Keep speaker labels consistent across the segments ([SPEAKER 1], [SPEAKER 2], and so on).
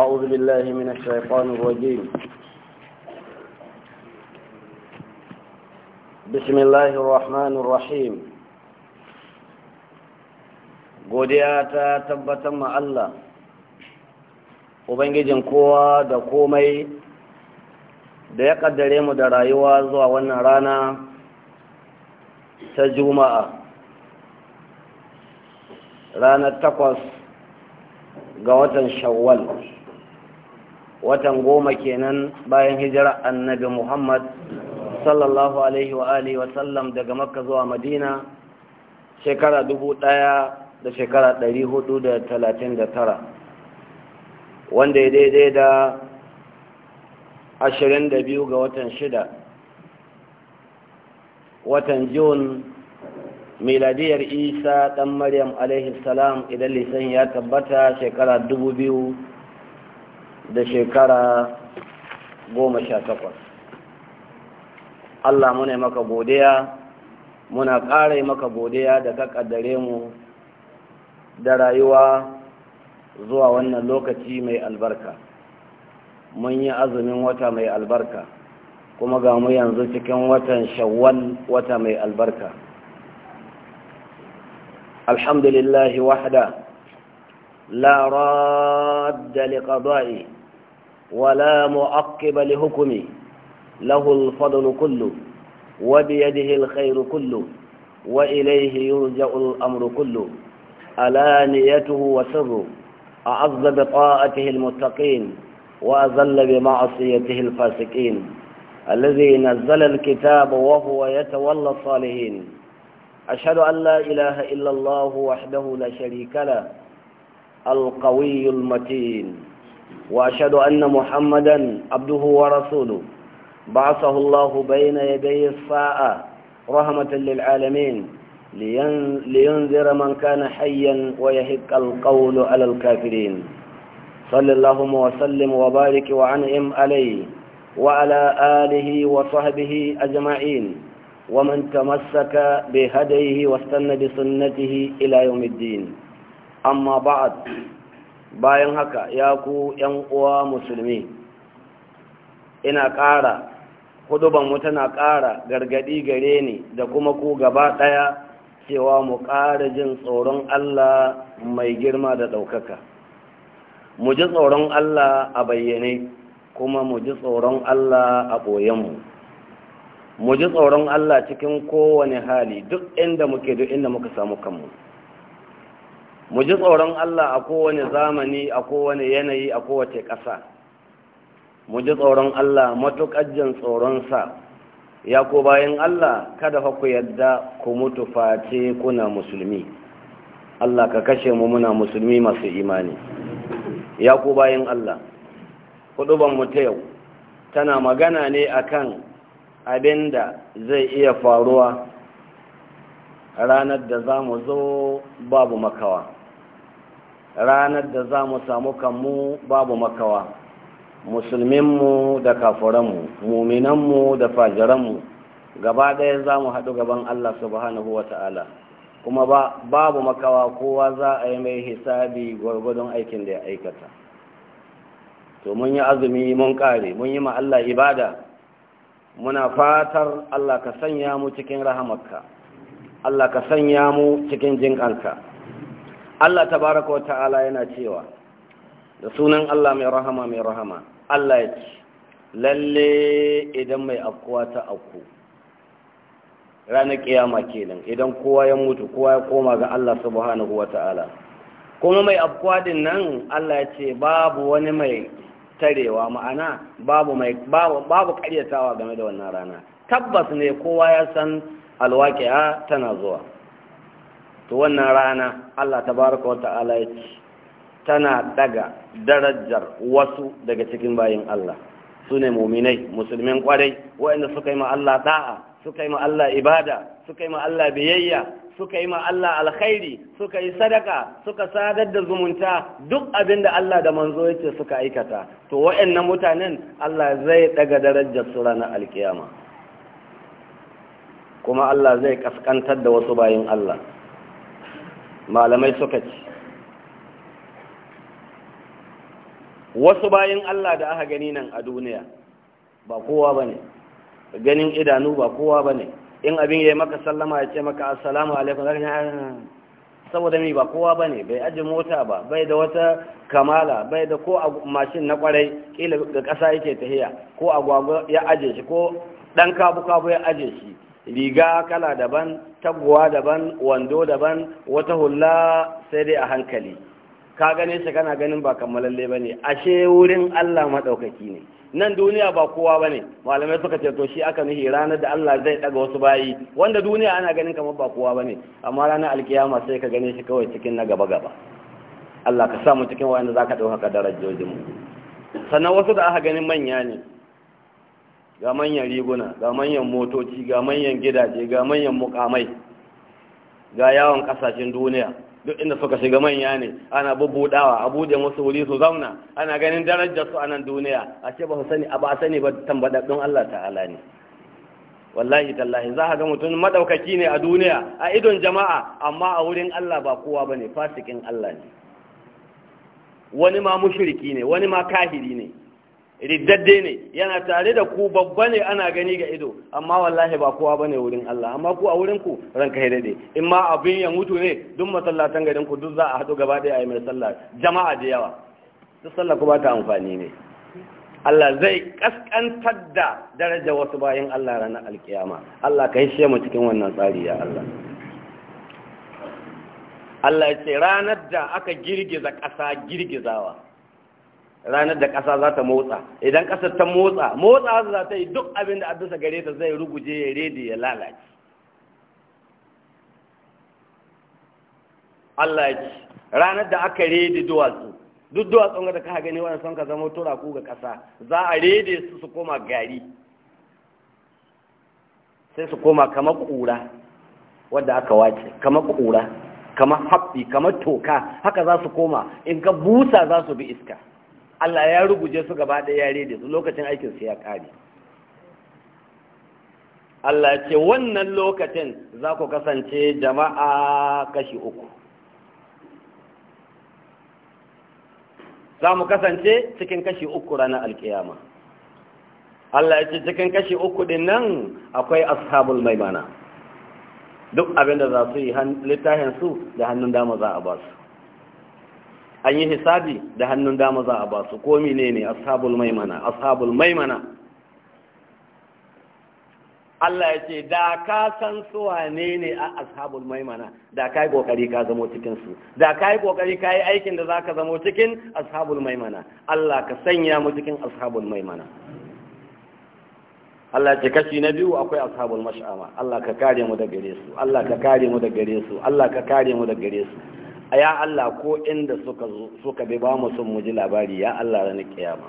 [SPEAKER 1] أعوذ بالله من الشيطان الرجيم بسم الله الرحمن godiya ta tabbatar ma Allah ubangijin kowa da komai da ya kaddare mu da rayuwa zuwa wannan rana ta juma'a ranar takwas ga watan shawwal watan goma kenan bayan hijira annabi muhammad sallallahu alaihi wa alihi wa sallam daga makka zuwa madina shekara dubu ɗaya da shekara ɗari hudu da talatin da tara wanda ya daidai da ashirin da biyu ga watan shida watan jun miladiyar isa ɗan maryam alaihi salam idan lisan ya tabbata shekara dubu biyu da shekara goma sha takwas Allah muna maka godiya muna ƙara maka godiya da ka ƙaddare mu da rayuwa zuwa wannan lokaci mai albarka mun yi azumin wata mai albarka kuma ga mu yanzu cikin watan shawwal wata mai albarka alhamdulillahi wahda la radda liqada'i ولا معقب لحكمه له الفضل كله وبيده الخير كله وإليه يرجع الأمر كله نيته وسره أعظ بطاعته المتقين وأذل بمعصيته الفاسقين الذي نزل الكتاب وهو يتولى الصالحين أشهد أن لا إله إلا الله وحده لا شريك له القوي المتين وأشهد أن محمدا عبده ورسوله بعثه الله بين يدي الساعة رحمة للعالمين لينذر من كان حيا ويهك القول على الكافرين صلى اللهم وسلم وبارك وعنهم عليه وعلى آله وصحبه أجمعين ومن تمسك بهديه واستنى بسنته إلى يوم الدين أما بعد bayan haka ya ku ‘yan uwa musulmi ina ƙara hudubanmu tana ƙara gargaɗi gare ni da kuma ku gaba ɗaya cewa mu ƙara jin tsoron Allah mai girma da ɗaukaka mu ji tsoron Allah a bayyane kuma mu ji tsoron Allah a ɓoyenmu mu ji tsoron Allah cikin kowane hali duk inda muke duk inda muka samu kanmu mu ji tsoron Allah a kowane zamani a kowane yanayi a kowace ƙasa mu ji tsoron Allah matuƙar jin tsoronsa ya ko bayan Allah kada fa ku yadda ku mutu face kuna musulmi Allah ka kashe mu muna musulmi masu imani ya ko bayan Allah huduban mu ta yau tana magana ne akan abin da zai iya faruwa ranar da za mu zo babu makawa ranar da za mu samu kanmu babu makawa musulminmu da kafuranmu muminanmu da fajiranmu gaba ɗaya za mu haɗu gaban allah subhanahu wa ta'ala kuma babu makawa kowa za a yi mai hisabi gwargwadon aikin da ya aikata to mun yi azumi mun ƙare mun yi ma allah ibada muna fatar allah ka sanya mu cikin rahamarka allah ka sanya mu cikin jinƙanka Allah ta baraka wa ta'ala yana cewa da sunan Allah mai rahama mai rahama Allah ya ce lalle idan mai afkuwa ta aku, ranar kiyama kenan idan kowa ya mutu kowa ya koma ga Allah subhanahu wa ta'ala kuma mai afkuwa din nan Allah ya ce babu wani mai tarewa ma'ana babu karyatawa game da wannan rana tabbas ne kowa ya san alwaqi'a tana zuwa to wannan rana Allah tabaraka wa ta'ala ya tana daga darajar wasu daga cikin bayin Allah sune ne muminai musulmin kwarai waɗanda suka yi ma Allah da'a suka yi ma Allah ibada suka yi ma Allah biyayya suka yi ma Allah alkhairi suka yi sadaka suka sadar da zumunta duk abin da Allah da manzo yace suka aikata to waɗannan mutanen Allah zai daga darajar su ranar alkiyama kuma Allah zai kaskantar da wasu bayin Allah malamai suka ci wasu bayan Allah da aka gani nan a duniya ba kowa ba ganin idanu ba kowa ba in abin ya yi maka sallama ya ce maka assalamu alaikum ah, ah, ah. saboda mai ba kowa ba bai aji mota ba bai da wata kamala bai da ko mashin na kwarai kila ga ƙasa yake tahiya ko agwagwa ya aje shi ko ɗan kabu-kabu ya aje shi riga kala daban taguwa daban wando daban wata hula sai dai a hankali ka gane shi kana ganin ba kammalalle ba ne ashe wurin Allah maɗaukaki ne nan duniya ba kowa ba ne malamai suka ce to shi aka nuhi ranar da Allah zai ɗaga wasu bayi wanda duniya ana ganin kamar ba kowa ba ne amma ranar alkiyama sai ka gane shi kawai cikin na gaba gaba Allah ka samu cikin wanda za ka darajojin mu. sannan wasu da aka ganin manya ne ga manyan riguna ga manyan motoci ga manyan gidaje ga manyan mukamai ga yawon kasashen duniya duk inda suka shiga manya ne ana bubudawa a bude musu wuri su zauna ana ganin darajar su a nan duniya a ce ba su sani a ba sani ba tambadaddun Allah ta'ala ne wallahi tallahi za a ga mutum madaukaki ne a duniya a idon jama'a amma a wurin Allah ba kowa bane fasikin Allah ne wani ma mushriki ne wani ma kahiri ne riddadde ne yana tare da ku babba ne ana gani ga ido amma wallahi ba kowa bane wurin Allah amma ku a wurin ku ranka dade in ma abin ya mutu ne duk masallatan garin ku duk za a hado gaba daya yi mai sallah jama'a da yawa su sallah ku ba ta amfani ne Allah zai kaskantar da daraja wasu bayan Allah ranar alkiyama Allah ka hishe mu cikin wannan tsari ya Allah Allah ya ce ranar da aka girgiza ƙasa girgizawa ranar da ƙasa za ta motsa idan ƙasar ta motsa motsa za ta yi duk abin da abisa gare ta zai ruguje ya rede ya lalace Allah ya ci ranar da aka rede duwatsu duk duwatsun da ka gani wani son ka zama tura ku ga ƙasa za a rede su su koma gari sai su koma kamar ƙura wadda aka wace kamar ƙura kamar haɓɓi kamar toka haka za su koma in ka busa za su bi iska Allah ya ruguje su gaba ɗaya yare da su lokacin aikin su ya ƙare Allah ce wannan lokacin za ku kasance jama'a kashi uku za mu kasance cikin kashi uku ranar alkiyama Allah ya ce cikin kashi uku din nan akwai ashabul maimana duk abinda za su yi littafin su, da hannun dama za a ba su an yi hisabi da hannun dama za a ba su ko mine ne ashabul maimana ashabul maimana Allah ya ce da ka san su wane ne a ashabul maimana da ka yi kokari ka zamo cikin su da ka yi kokari ka yi aikin da zaka zamo cikin ashabul maimana Allah ka sanya mu cikin ashabul maimana Allah ce kashi na biyu akwai ashabul mash'ama Allah ka kare mu da gare su Allah ka kare mu da gare su Allah ka kare mu da gare su ya Allah ko inda suka suka bai ba mu sun muji labari ya Allah ranar kiyama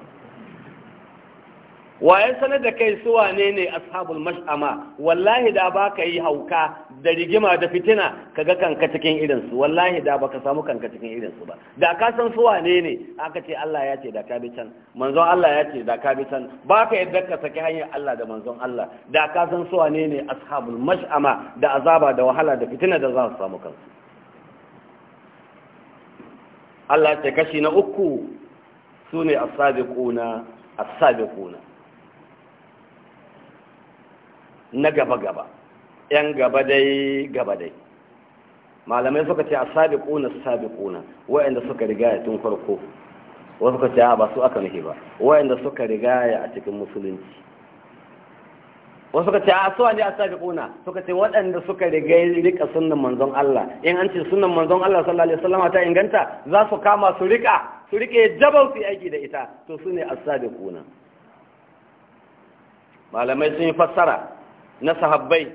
[SPEAKER 1] waye sanar da kai su wane ne ashabul mash'ama wallahi da baka yi hauka da rigima da fitina kaga kanka cikin irin su wallahi da baka samu kanka cikin irin su ba da ka san su wane ne aka ce Allah ya ce da ka bi can manzon Allah ya ce da ka bi can baka yadda ka saki hanyar Allah da manzon Allah da ka san su wane ne ashabul mash'ama da azaba da wahala da fitina da za su samu kansu Allah ce kashi na uku su ne a a kuna sabi kuna, na gaba gaba yan gaba dai gaba dai malamai suka ce a kuna, asabiquna kuna, wa'anda suka riga tun farko wasu suka ce ba su aka nufi ba wa'anda suka riga a cikin musulunci wasu suka ce a suwa ne a sabi kuna suka ce waɗanda suka riga rika sunan manzon Allah in an ce sunan manzon Allah sallallahu alaihi wasallam ta inganta za su kama su rika su rike jabal su aiki da ita to su ne asabi kuna malamai sun yi fassara na sahabbai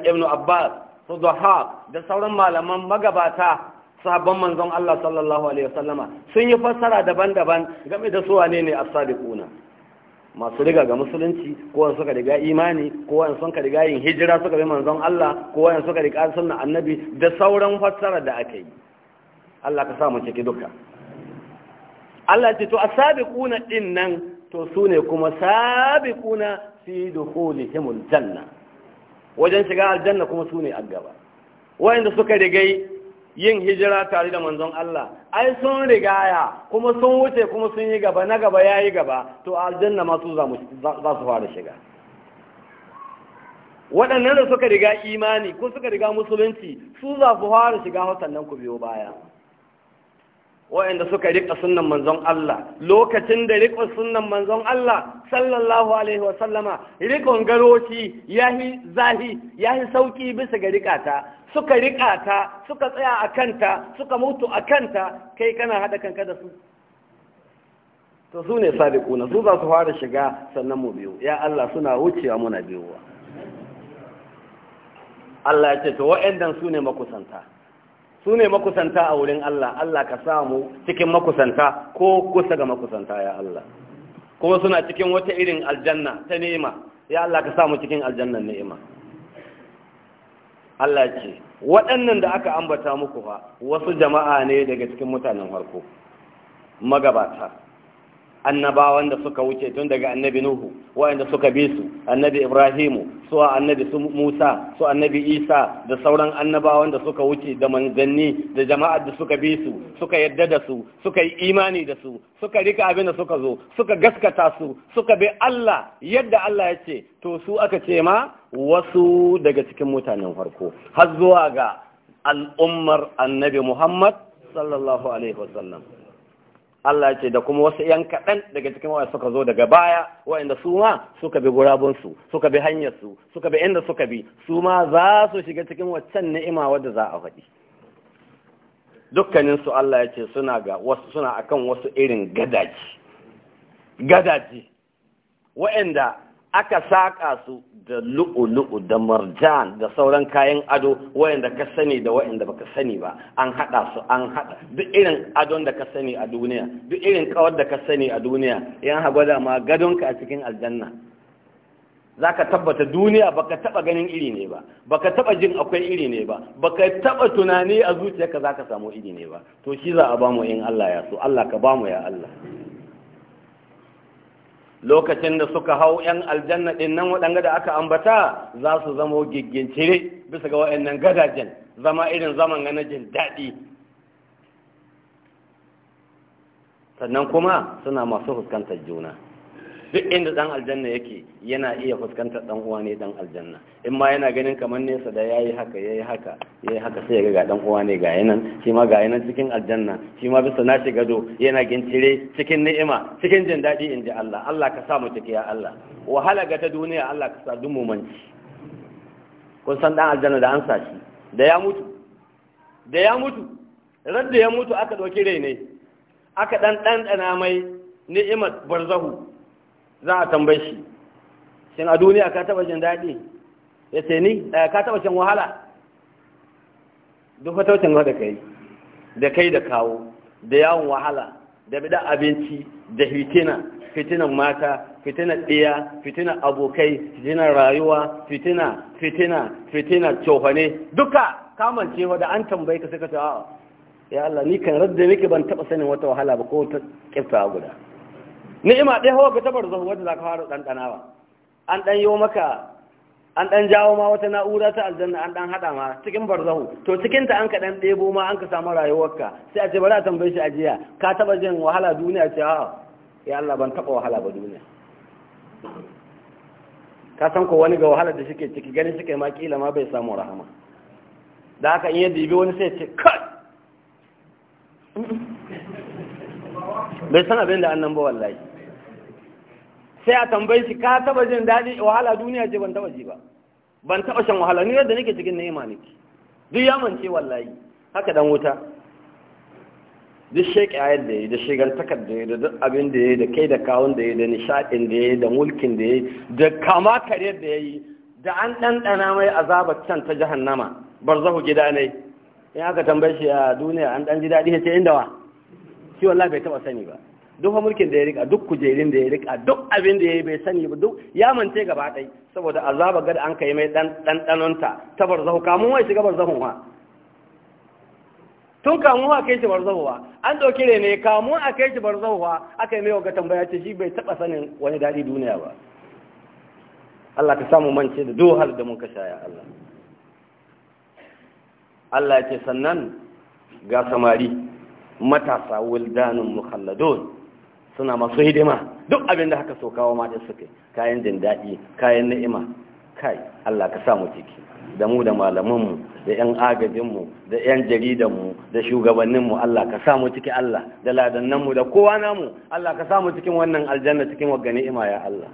[SPEAKER 1] ibnu abbas su dhahab da sauran malaman magabata sahabban manzon Allah sallallahu alaihi wasallama sun yi fassara daban-daban game da su wane ne as-sadiquna masu riga ga musulunci ko wani suka riga imani ko wani suka riga yin hijira suka bi manzon Allah ko wani suka riga sunna annabi da sauran fassara da aka yi Allah ka sa mu ciki duka Allah ce to asabiquna din nan to sune kuma sabiquna fi dukhulihimul janna wajen shiga aljanna kuma sune a gaba wanda suka riga yin hijira tare da manzon Allah ai sun rigaya kuma sun wuce kuma sun yi gaba na gaba ya yi gaba to aljanna masu za su fara shiga waɗannan da suka riga imani ko suka riga musulunci su za su fara shiga sannan ku biyo baya waɗanda suka riƙa sunan manzon Allah lokacin da riƙon sunan manzon Allah sallallahu alaihi wa sallama riƙon garoci yahi zahi yahi sauki bisa ga riƙata suka riƙata suka tsaya a kanta suka mutu a kanta kai kana haɗa kanka da su to su ne sadiquna su za su fara shiga sannan mu biyu ya Allah suna wucewa muna biyuwa Allah ya ce to waɗannan su ne makusanta su ne makusanta a wurin Allah Allah ka samu cikin makusanta ko kusa ga makusanta ya Allah kuma suna cikin wata irin aljanna ta ni'ima ya Allah ka samu cikin aljannan ni'ima Allah ce waɗannan da aka ambata muku fa wasu jama'a ne daga cikin mutanen farko magabata annabawan da suka wuce tun daga annabi nuhu waɗanda suka bi su annabi ibrahimu su annabi musa su annabi isa da sauran annabawan da suka wuce da manzanni da jama'ar da suka bi su suka yadda da su suka yi imani da su suka rika abin da suka zo suka gaskata su suka bi allah yadda allah ya ce to su aka ce ma wasu daga cikin mutanen farko har zuwa ga al'ummar annabi muhammad sallallahu alaihi wasallam Allah ce da kuma wasu ‘yan kaɗan daga cikin waya suka zo daga baya wa'anda su ma suka bi gurabunsu suka bi hanyarsu suka bi inda suka bi su ma za su shiga cikin waccan ni'ima wadda za a faɗi dukkaninsu Allah ya ce suna ga wasu suna akan wasu irin gadaji gadaji aka saƙa su da lu'u-lu'u da marjan da sauran kayan ado wayanda ka sani da wayanda baka sani ba an haɗa su an hada duk irin adon da ka sani a duniya duk irin kawar da ka sani a duniya yan hagwada ma gadonka a cikin aljanna za tabbata duniya baka taba ganin iri ne ba baka taɓa jin akwai iri ne ba baka taɓa tunani a zuciyarka zaka samu iri ne ba to shi za a bamu in Allah ya so Allah ka bamu ya Allah lokacin da suka hau 'yan aljanna ɗin nan waɗanga da aka ambata za su zama gigincire bisa ga waɗannan gadajen zama irin zaman na jin daɗi sannan kuma suna masu fuskantar juna duk inda dan aljanna yake yana iya fuskantar dan uwa ne dan aljanna in ma yana ganin kamar nesa da yayi haka yayi haka yayi haka sai ya ga dan uwa ne ga yanan shi ma ga yanan cikin aljanna shi ma bisa na shiga do yana gintire cikin ni'ima cikin jin daɗi in ji Allah Allah ka sa mu ciki ya Allah wahala ga ta duniya Allah ka sa dumu manci kun san dan aljanna da an sa shi da ya mutu da ya mutu radda ya mutu aka dauki rai ne aka dan dandana mai ni'imar barzahu za a tambaye shi shin a duniya ka taba jin daɗi ya ce ni eh, ka taba shan wahala duk wata wacin da kai da kai da kawo da yawon wahala da bida abinci da fitina fitinan mata fitinan ɗiya fitinan abokai fitina rayuwa fitina fitina fitina cofane duka kamance da an tambayi ka suka ce ya Allah ni kan radda nake ban taba sanin wata wahala ba ko ta kifta guda ni'ima ɗaya hawa ka tabar zuwa wadda za ka fara ba an ɗan yi maka an ɗan jawo ma wata na'ura ta aljanna an ɗan haɗa ma cikin barzahu to cikin ta an ka ɗan ɗebo ma an ka samu rayuwarka sai a ce bari a tambaye shi ajiya ka taɓa jin wahala duniya ce a'a ya Allah ban taɓa wahala ba duniya ka san ko wani ga wahala da shike ciki ganin shike ma kila ma bai samu rahama da haka in ya dibi wani sai ce kai bai san abin da annan ba wallahi sai a tambayi shi ka taba jin daɗi wahala duniya ce ban taba ji ba ban taba shan wahala ni yadda nake cikin ni'ima nake duk ya mance wallahi haka dan wuta duk shek a yadda ya da takar da ya da duk abin da ya da kai da kawun da ya da nishaɗin da ya da mulkin da ya da kama karyar da ya yi da an ɗanɗana mai azabar can ta jahannama barzahu gida ne in aka tambayi shi a duniya an ɗan ji daɗi ya ce inda wa shi wallahi bai taɓa sani ba duk mulkin da ya rika duk kujerin da ya rika duk abin da ya yi bai sani ba duk ya mance gaba ɗai saboda azaba gada an kai mai ɗanɗanonta ta barzahu kamun wai shiga barzahun wa tun kamun wa kai shi barzahu ba an ɗauki ne ne kamun a kai shi barzahu wa aka yi mai wa tambaya ce shi bai taɓa sanin wani daɗi duniya ba Allah ka samu mance da dohar da mun sha ya Allah Allah ya ce sannan ga samari matasa wildanun mukhalladun suna masu hidima duk abin da haka so kawo ma din suke kayan jin daɗi kayan ni'ima kai Allah ka sa mu ciki da mu da malamanmu da 'yan agajinmu da 'yan jaridanmu da shugabanninmu Allah ka samu ciki Allah da ladannanmu da kowa namu Allah ka samu cikin wannan aljanna cikin wagga ni'ima ya Allah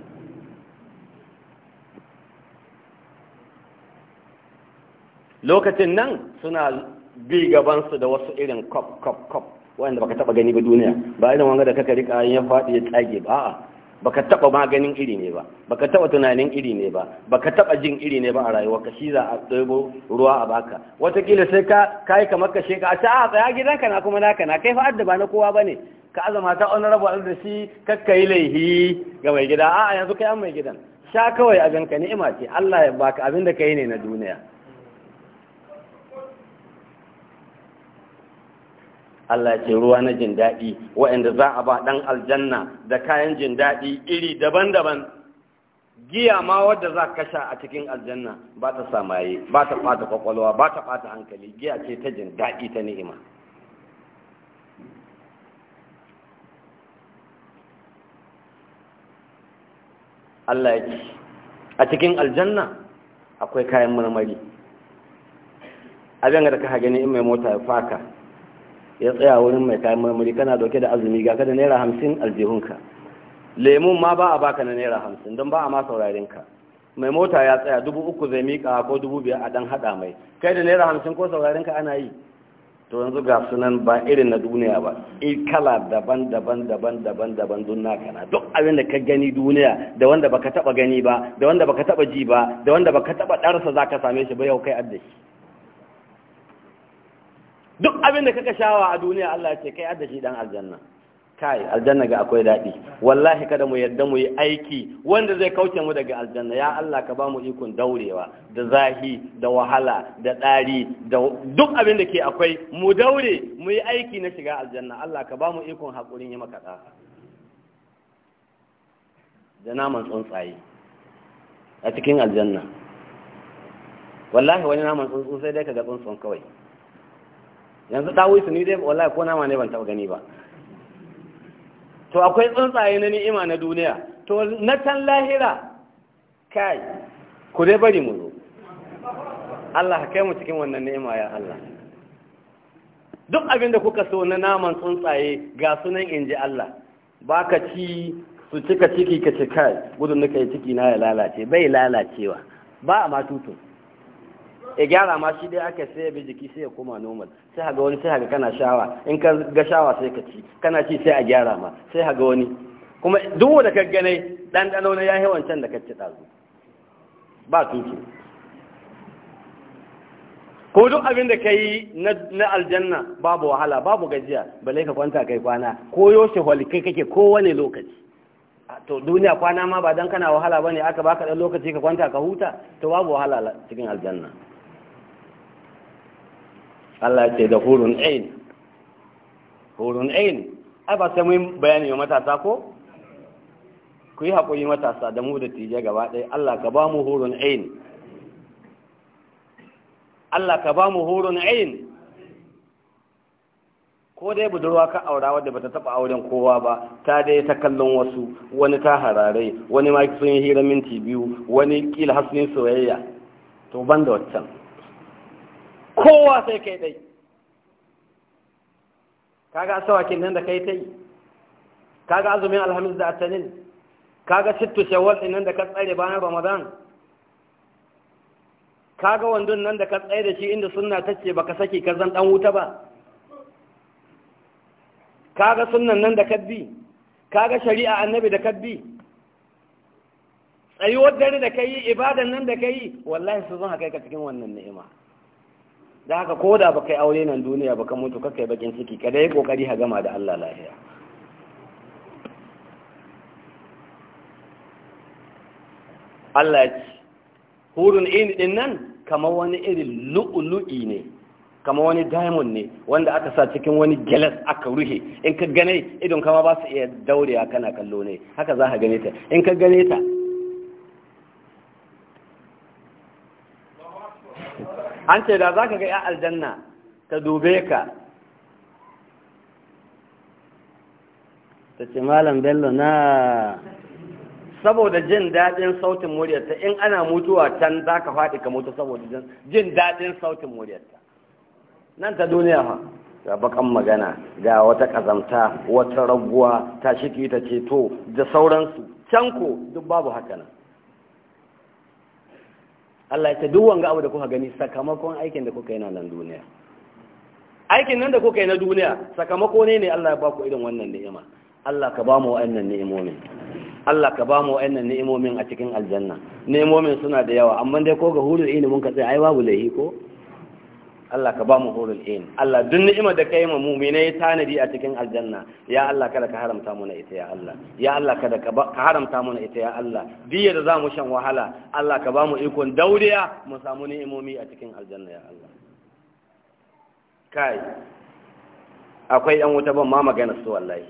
[SPEAKER 1] lokacin nan suna bi gabansu da wasu irin kop kop kop wanda baka taba gani ba duniya ba idan wanga da kaka rika ya faɗi ya tsage ba a baka taba maganin iri ne ba baka taba tunanin iri ne ba baka taba jin iri ne ba a rayuwa ka shi za a tsoyo ruwa a baka watakila sai ka kai kamar ka sheka a ce a tsaya gidanka na kuma naka na kai fa ba na kowa bane ka azama ta rabu da shi kakkai laihi ga mai gida a'a yanzu kai an mai gidan sha kawai a ganka ni'ima ce Allah ya baka abin da kai ne na duniya Allah ce ruwa na jin daɗi wa'anda za a ba ɗan aljanna da kayan jin daɗi iri daban-daban giya ma wadda za ka sha a cikin aljanna ba ta samaye ba ta ɓata kwakwalwa ba ta ɓata hankali giya ce ta jin daɗi ta ni'ima Allah ya ce a cikin aljanna akwai kayan marmari abin da ka gani in mai mota ya faka ya tsaya wurin mai kayan marmari kana dauke da azumi ga kada naira hamsin aljihunka lemun ma ba a baka na naira hamsin don ba a ma saurarin ka mai mota ya tsaya dubu uku zai miƙa ko dubu biyar a dan haɗa mai kai da naira hamsin ko saurarin ka ana yi to yanzu ga sunan ba irin na duniya ba i kala daban daban daban daban daban don naka na duk abin da ka gani duniya da wanda baka taba gani ba da wanda baka taba ji ba da wanda baka taba darsa zaka same shi ba yau kai addashi duk abin da kaka shawa a duniya Allah ya ce kai shi dan aljanna kai aljanna ga akwai daɗi wallahi kada mu yadda mu yi aiki wanda zai kauce mu daga aljanna ya Allah ka ba mu ikon daurewa da zahi da wahala da ɗari da duk abin da ke akwai mu daure mu yi aiki na shiga aljanna Allah ka ba mu ikon haƙurin yi maka ɗaha da naman tsuntsaye a cikin aljanna wallahi wani naman tsuntsu sai dai ka ga tsuntsun kawai yanzu dawisu ni dai wallahi ko nama ne ban taba gani ba to akwai tsuntsaye na ni'ima na duniya to na can lahira kai ku dai bari mu zo Allah kai mu cikin wannan ni'ima ya Allah duk abin da kuka so na naman tsuntsaye ga sunan inji Allah baka ci su cika ciki ka kai gudun da kai ciki na ya lalace bai lalacewa ba a matutu. ya gyara ma shi dai aka sai bi jiki sai ya koma normal sai haga wani sai haga kana shawa in ka ga shawa sai ka ci kana ci sai a gyara ma sai haga wani kuma duk wanda ka gane ɗanɗano na yahi wancan da ka ci ba tuki ko duk abin da ka yi na aljanna babu wahala babu gajiya balle ka kwanta kai kwana ko yoshe kai kake kowane lokaci to duniya kwana ma ba dan kana wahala bane aka baka dan lokaci ka kwanta ka huta to babu wahala cikin aljanna Allah ya ce da hurun ain hurun ain ai ba sai mun bayani wa matasa ko ku yi haƙuri matasa da mu da tije gaba ɗaya Allah ka ba mu hurun ain Allah ka ba mu hurun ain ko dai budurwa ka aura wadda bata taba auren kowa ba ta dai ta kallon wasu wani ta harare wani ma sun yi hira minti biyu wani kila har soyayya to ban da waccan kowa sai kai dai kaga asawakin nan da kai ta yi kaga azumin alhamis da atanin kaga sittu shawwal din nan da ka tsare bayan ramadan kaga wandon nan da ka tsaye da shi inda sunna tace baka saki ka zan dan wuta ba kaga sunnan nan da ka bi kaga shari'a annabi da ka bi? tsayuwar dare da kai ibadan nan da kai wallahi su zan haka ka cikin wannan ni'ima da haka ko da baka yi aure nan duniya baka mutu kaka yi bakin ciki kada yi kokari ha gama da Allah lafiya Allah ya ce hurun in din nan kamar wani irin lu'lu'i ne kamar wani diamond ne wanda aka sa cikin wani gelas aka ruhe in ka gane idon kama ba su iya daurewa kana kallo ne haka za ka gane ta in ka gane ta an ce da za ka ga 'ya aljanna ta dube ka ta ce malam bello na saboda jin daɗin sautin muryarta in ana mutuwa can za ka faɗi ka mutu saboda jin daɗin sautin muryarta nan ta duniya ha ga bakan magana ga wata ƙazamta wata raguwa ta shiki ta ceto da sauransu can ko duk babu hakanan Allah ya ce duk wanga abu da kuka gani sakamakon aikin da kuka yi na nan duniya aikin nan da kuka yi na duniya sakamako ne ne Allah ya ba ku irin wannan ni'ima Allah ka ba mu wa'annan ni'imomin Allah ka ba mu wa'annan ni'imomin a cikin aljanna ni'imomin suna da yawa amma dai ko ga hurul ilimin ka sai ai babu laihi ko Allah ka ba mu horon in Allah duk ni'imar da ka yi mu mu'minai tanadi a cikin aljanna ya Allah kada ka haramta mu na ita ya Allah ya Allah kada ka haramta mu na ita ya Allah diya da zamu shan wahala Allah ka ba mu ikon dauriya mu samu ni'imomi a cikin aljanna ya Allah kai akwai yan wuta ban ma magana su wallahi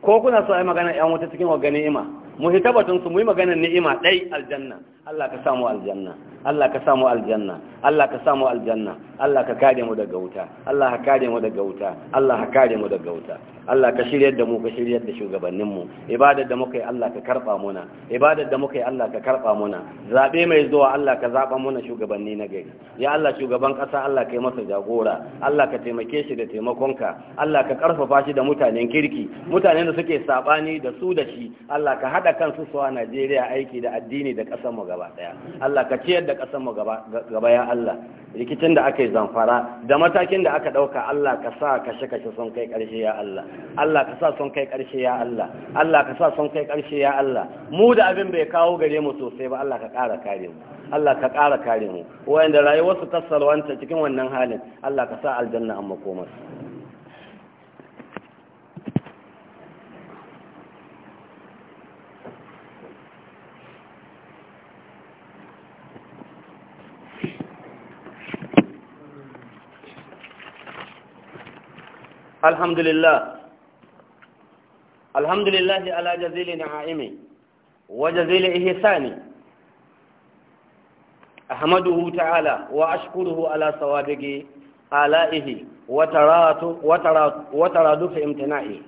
[SPEAKER 1] ko kuna so ai magana yan wuta cikin wa ni'ima mu hitabatun su mu yi magana ni'ima dai aljanna Allah ka samu aljanna Allah ka samu aljanna Allah ka samu aljanna Allah ka kare mu daga wuta Allah ka kare mu daga wuta Allah ka kare mu daga wuta Allah ka shiryar da mu ka shiryar da shugabannin mu ibadar da muka yi Allah ka karba muna ibadar da muka yi Allah ka karba muna zabe mai zuwa Allah ka zaba muna shugabanni na gari ya Allah shugaban kasa Allah ka yi masa jagora Allah ka taimake shi da taimakonka Allah ka karfafa shi da mutanen kirki mutanen da suke sabani da su da shi Allah ka hada kansu su a Najeriya aiki da addini da kasar mu gaba daya Allah ka ciyar da kasar mu gaba ya Allah rikicin da aka yi zamfara da matakin da aka dauka Allah ka sa kashe kashe sun kai karshe ya Allah Allah ka sa sun kai karshe ya Allah Allah ka sa sun kai karshe ya Allah mu da abin bai kawo gare mu sosai ba Allah ka kara kare mu Allah ka kara kare mu wanda rayuwarsu ta cikin wannan halin Allah ka sa aljanna amma komai alhamdulillah alhamdulillah ala jazili na'imi wa jazili ihsani ahmaduhu ta'ala wa ashkuruhu ala sawabihi ala'ihi wa taratu wa imtina'i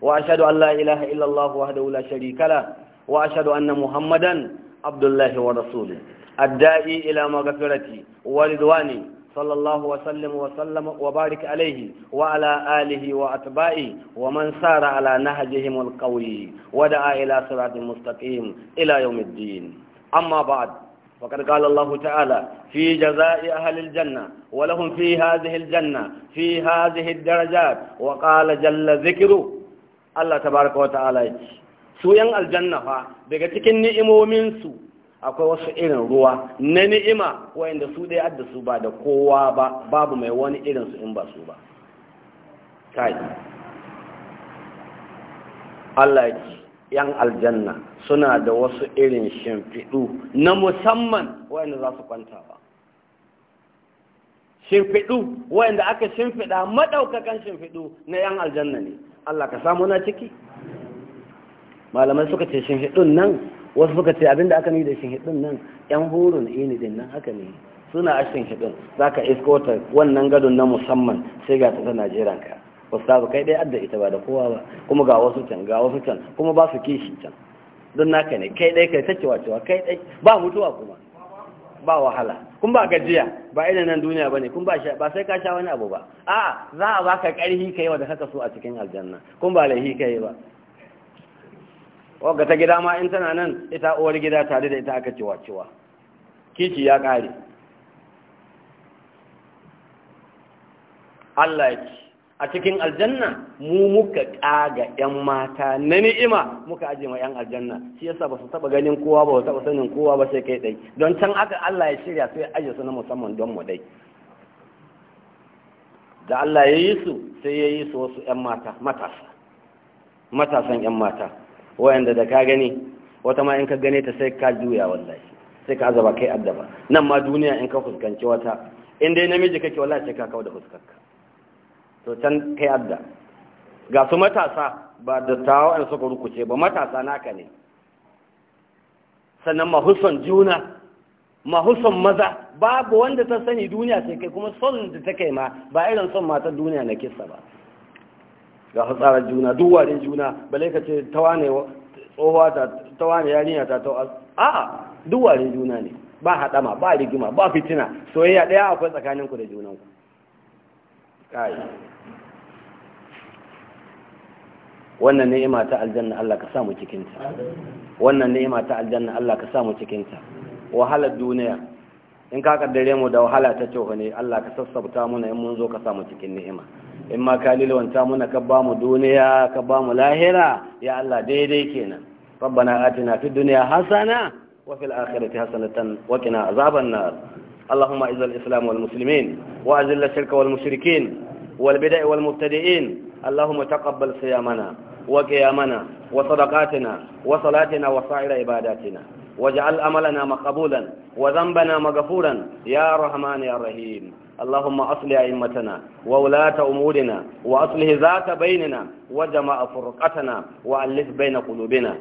[SPEAKER 1] wa ashhadu an la ilaha illa allah wahdahu la sharika la wa ashhadu anna muhammadan abdullahi wa rasuluhu adda'i ila maghfirati wa ridwani صلى الله وسلم وسلم وبارك عليه وعلى آله وأتباعه ومن سار على نهجهم القوي ودعا إلى صراط مستقيم إلى يوم الدين أما بعد وقد قال الله تعالى في جزاء أهل الجنة ولهم في هذه الجنة في هذه الدرجات وقال جل ذكره الله تبارك وتعالى سويا الجنة daga cikin ni'imominsu akwai wasu irin ruwa na ni'ima wayanda su dai adda su ba da kowa ba babu mai wani irin su in ba su ba kai Allah ya yan aljanna suna da wasu irin shimfiɗu na musamman wayanda za su kwanta ba shimfiɗu wayanda aka shimfiɗa maɗaukakan shimfiɗu na yan aljanna ne Allah ka samu na ciki malamai suka ce shimfiɗun nan wasu suka ce abinda aka nuna da shinhiɗin nan yan hurun ini din nan haka ne suna a shinhiɗin za ka isko ta wannan gadon na musamman sai ga ta najeriya ka wasu kai dai adda ita ba da kowa ba kuma ga wasu can ga wasu can kuma ba su kishi can don naka ne kai dai kai ta cewa cewa kai dai ba mutuwa kuma ba wahala kun ba gajiya ba ina nan duniya bane kun ba ba sai ka sha wani abu ba a'a za a baka karhi kai wanda kaka so a cikin aljanna kun ba lahi kai ba wadda ta gida ma in tana nan ita uwar gida tare da ita aka cewa cewa kici ya ƙare Allah ya ci a cikin aljanna mu muka kaga yan mata na ni'ima muka aje ma yan aljanna shi yasa ba su taba ganin kowa ba su taba sanin kowa ba sai kai dai don can aka Allah ya shirya sai aje su na musamman don mu dai da Allah ya yi su sai ya yi su wasu yan mata matasa matasan yan mata wayanda da ka gani wata ma in ka gane ta sai ka juya wallahi sai ka azaba kai addaba nan ma duniya in ka fuskanci wata in dai namiji kake wallahi sai ka kawo da fuskarka to can kai adda ga su matasa ba da tawo an suka rukuce ba matasa naka ne sannan mahusan juna mahusan maza babu wanda ta sani duniya sai kai kuma son da ta kai ma ba irin son matar duniya na kissa ba ga hatsarar juna duk warin juna balai ka ce tawane tsohuwa ta tawane yarinya ta tawa a'a duk warin juna ne ba haɗama ba rigima ba fitina soyayya ɗaya akwai tsakaninku da junanku ƙari wannan ni'ima ta aljanna Allah ka samu cikinta ta wannan ni'ima ta aljanna Allah ka samu cikinta wahalar duniya in ka kaddare mu da wahala ta cewa ne Allah ka sassabta mu na in mun zo ka samu cikin ni'ima إما ma ka lilwanta muna كبام ba mu duniya ka ba mu lahira ya Allah daidai kenan rabbana atina fid dunya hasana wa fil akhirati اللهم اعز الاسلام والمسلمين واذل الشرك والمشركين والبدع والمبتدئين اللهم تقبل صيامنا وقيامنا وصدقاتنا وصلاتنا وسائر عباداتنا واجعل املنا مقبولا وذنبنا مغفورا يا رحمن يا رحيم اللهم أصلح أئمتنا وولاة أمورنا وأصلح ذات بيننا وجمع فرقتنا وألف بين قلوبنا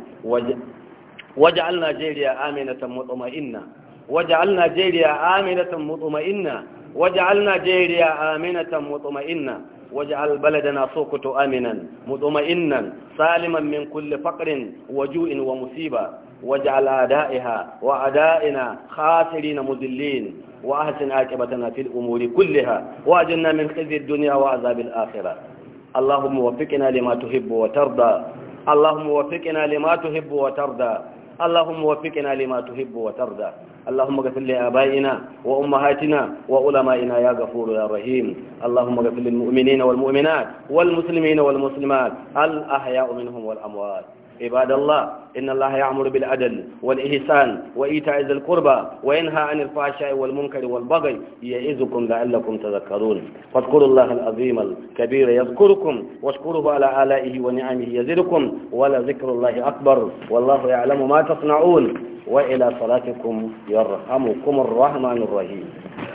[SPEAKER 1] واجعل نيجيريا آمنة مطمئنة واجعل نيجيريا آمنة مطمئنة واجعل نيجيريا آمنة مطمئنة واجعل بلدنا سوكت آمنا مطمئنا سالما من كل فقر وجوء ومصيبة واجعل أدائها وأدائنا خاسرين مذلين وأحسن عاقبتنا في الأمور كلها وأجلنا من خزي الدنيا وعذاب الآخرة اللهم وفقنا لما تحب وترضى اللهم وفقنا لما تحب وترضى اللهم وفقنا لما تحب وترضى اللهم اغفر لآبائنا وأمهاتنا وعلمائنا يا غفور يا رحيم اللهم اغفر للمؤمنين والمؤمنات والمسلمين والمسلمات الأحياء منهم والأموات عباد الله إن الله يعمر بالعدل والإحسان وإيتاء ذي القربى وينهى عن الفحشاء والمنكر والبغي يعظكم لعلكم تذكرون فاذكروا الله العظيم الكبير يذكركم واشكروه على آلائه ونعمه يزدكم ولذكر الله أكبر والله يعلم ما تصنعون وإلى صلاتكم يرحمكم الرحمن الرحيم